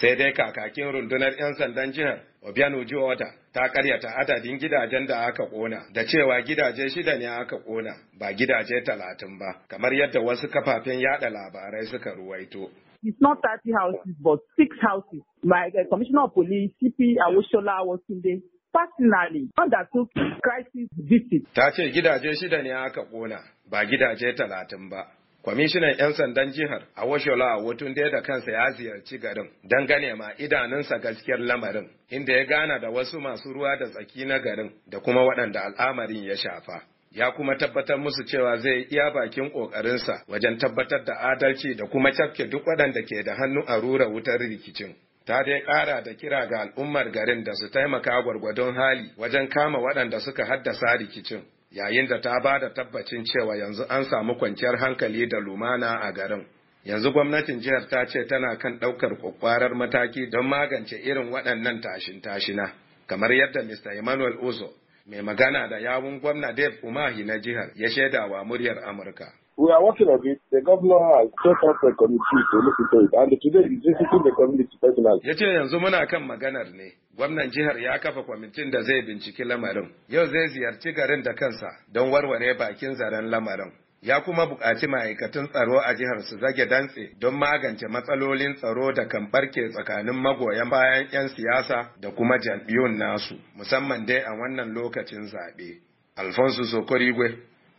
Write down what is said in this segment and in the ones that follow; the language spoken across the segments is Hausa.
sai dai kakakin rundunar 'yan sandan jihar obiano jiwata ta karyata adadin gidajen da aka kona da cewa gidaje shida ne aka kona ba gidaje talatin ba kamar yadda wasu kafafen yada labarai suka ruwaito It's not 30 houses, but six houses. My uh, commissioner of police, CP Awoshola the personally undertook crisis visit. Ta ce gidaje shida ne aka kona, ba gidaje talatin ba. Kwamishinan 'yan sandan jihar a Awoshola Awotunde da kansa ya ziyarci garin don gane ma idanunsa gaskiyar lamarin, inda ya gana da wasu masu ruwa da tsaki na garin da kuma waɗanda al'amarin ya shafa. Ya kuma tabbatar musu cewa zai iya bakin ƙoƙarinsa wajen tabbatar da adalci da kuma cafke duk waɗanda ke da hannu a rura wutar rikicin. ta dai ƙara da kira ga al'ummar garin da su taimaka gwargwadon hali wajen kama waɗanda suka haddasa rikicin yayin da ta ba da tabbacin cewa yanzu an samu kwanciyar hankali da lumana a garin. Yanzu gwamnatin jihar ta ce tana kan ɗaukar kwakwarar mataki don magance irin waɗannan tashin-tashina, kamar yadda Mr. Emmanuel Uzo, mai magana da yawun gwamna Dave Umahi na jihar ya shaidawa muryar Amurka. We are working on it. The governor has set up a committee to look into it. And today is visiting the community personally. Ya ce yanzu muna kan maganar ne. Gwamnan jihar ya kafa kwamitin da zai binciki lamarin. Yau zai ziyarci garin da kansa don warware bakin zaren lamarin. ya kuma buƙaci ma'aikatan tsaro a jihar su zage dantse don magance matsalolin tsaro da kan barke tsakanin magoyan bayan 'yan siyasa da kuma jam'iyyun nasu musamman dai a wannan lokacin zaɓe. Alfonso Sokorigwe,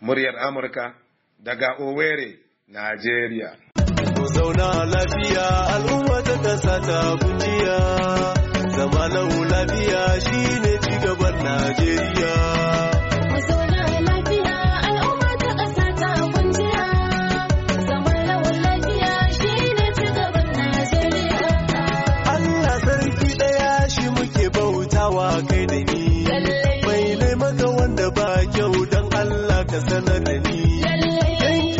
muryar Amurka daga Owerri, Najeriya. Zauna lafiya shi ta kasa shine cigaban Najeriya. da ba kyau don Allah ka sanar